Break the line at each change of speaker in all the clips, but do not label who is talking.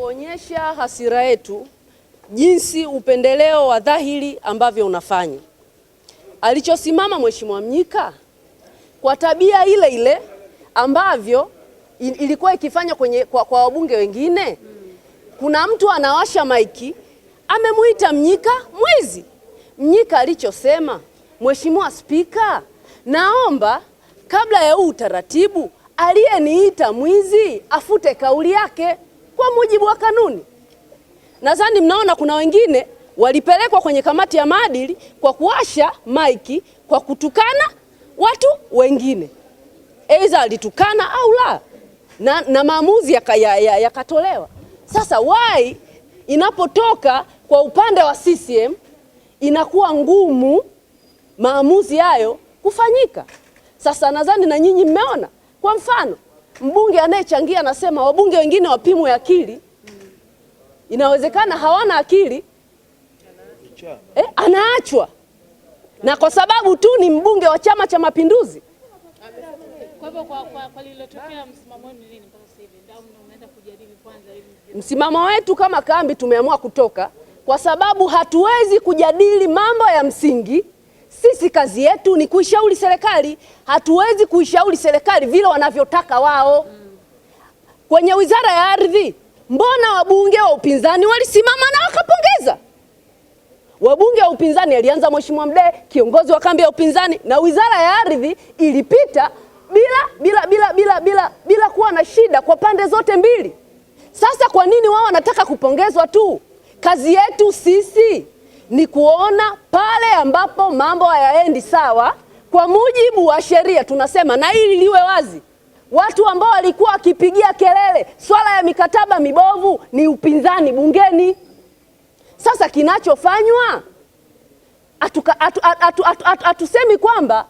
kuonyesha hasira yetu jinsi upendeleo wa dhahiri ambavyo unafanya. Alichosimama Mheshimiwa Mnyika kwa tabia ile ile ambavyo ilikuwa ikifanya kwenye, kwa, kwa wabunge wengine. Kuna mtu anawasha maiki amemuita Mnyika mwizi. Mnyika alichosema, Mheshimiwa Spika, naomba kabla ya huu utaratibu aliyeniita mwizi afute kauli yake kwa mujibu wa kanuni. Nadhani mnaona kuna wengine walipelekwa kwenye kamati ya maadili kwa kuwasha maiki, kwa kutukana watu wengine, aidha alitukana au la, na, na maamuzi yakatolewa ya, ya sasa. Wai inapotoka kwa upande wa CCM inakuwa ngumu maamuzi hayo kufanyika. Sasa nadhani na nyinyi mmeona, kwa mfano mbunge anayechangia anasema wabunge wengine wapimwe akili. Inawezekana hawana akili eh, anaachwa na kwa sababu tu ni mbunge wa Chama cha Mapinduzi. Msimamo wetu kama kambi tumeamua kutoka kwa sababu hatuwezi kujadili mambo ya msingi sisi kazi yetu ni kuishauri serikali, hatuwezi kuishauri serikali vile wanavyotaka wao. Kwenye wizara ya ardhi, mbona wabunge wa upinzani walisimama na wakapongeza? Wabunge wa upinzani alianza Mheshimiwa Mdee, kiongozi wa kambi ya upinzani, na wizara ya ardhi ilipita bila bila bila bila bila bila kuwa na shida kwa pande zote mbili. Sasa kwa nini wao wanataka kupongezwa tu? Kazi yetu sisi ni kuona pale ambapo mambo hayaendi sawa kwa mujibu wa sheria. Tunasema na hili liwe wazi, watu ambao walikuwa wakipigia kelele swala ya mikataba mibovu ni upinzani bungeni. Sasa kinachofanywa hatusemi atu, atu, atu, atu, atu, atu kwamba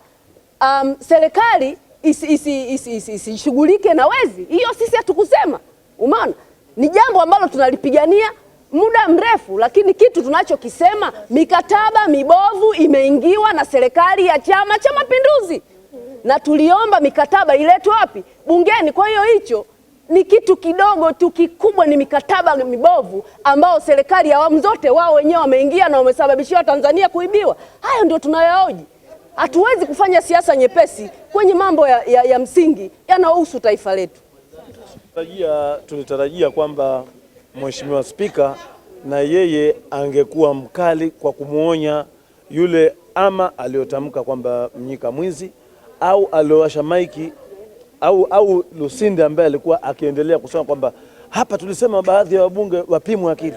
um, serikali isishughulike isi, isi, isi, isi, na wezi. Hiyo sisi hatukusema, umeona, ni jambo ambalo tunalipigania muda mrefu, lakini kitu tunachokisema mikataba mibovu imeingiwa na serikali ya Chama cha Mapinduzi, na tuliomba mikataba iletwe wapi? Bungeni. Kwa hiyo hicho ni kitu kidogo tu, kikubwa ni mikataba mibovu ambao serikali ya awamu zote wao wenyewe wameingia na wamesababishia Tanzania kuibiwa. Hayo ndio tunayaoji. Hatuwezi kufanya siasa nyepesi kwenye mambo ya, ya, ya msingi yanayohusu taifa letu.
Tulitarajia kwamba Mheshimiwa Spika, na yeye angekuwa mkali kwa kumwonya yule ama aliyotamka kwamba Mnyika mwizi au aliowasha maiki au, au Lusinde ambaye alikuwa akiendelea kusema kwamba hapa tulisema baadhi ya wabunge wapimwe akili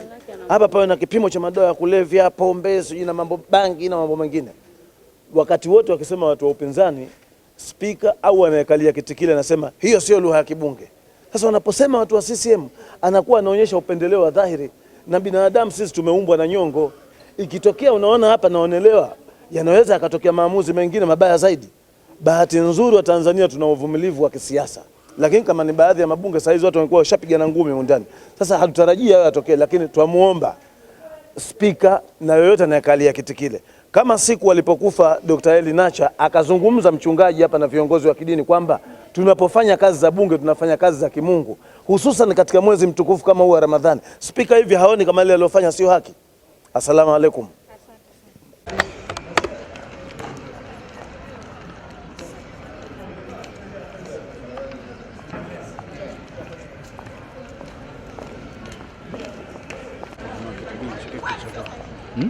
hapa pawe na kipimo cha madawa ya kulevya, pombe, sijui na mambo bangi na mambo mengine. Wakati wote wakisema watu wa upinzani, spika au anayekalia kiti kile anasema hiyo sio lugha ya kibunge. Sasa wanaposema watu wa CCM anakuwa anaonyesha upendeleo wa dhahiri, na binadamu sisi tumeumbwa na nyongo. Ikitokea unaona hapa naonelewa, yanaweza akatokea maamuzi mengine mabaya zaidi. Bahati nzuri wa Tanzania tuna uvumilivu wa kisiasa, lakini kama ni baadhi ya mabunge saa hizi watu wamekuwa washapiga na ngumi ndani. Sasa hatutarajia hayo yatokee, lakini twamuomba spika na yoyote anayekalia kiti kile, kama siku alipokufa Dr. Eli Nacha akazungumza mchungaji hapa na viongozi wa kidini kwamba tunapofanya kazi za bunge tunafanya kazi za kimungu, hususan katika mwezi mtukufu kama huu wa Ramadhani. Spika hivi haoni kama ile aliyofanya sio haki? Asalamu alaykum. Hmm?